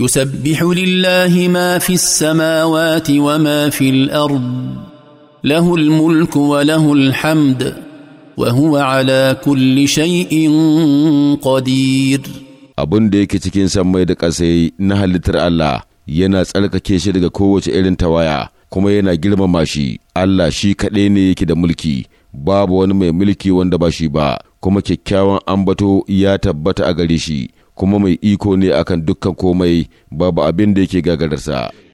يسبح لله ما في السماوات وما في الارض له الملك وله الحمد وهو على كل شيء قدير abin da yake cikin san mai da ƙasai na halittar Allah yana tsarkake shi daga kowace irin tawaya kuma yana girmama shi Allah shi kaɗai ne yake da mulki babu wani mai mulki wanda ba shi ba kuma kyakkyawan ambato ya tabbata a gare shi kuma mai iko ne akan dukkan komai babu abin da yake gagararsa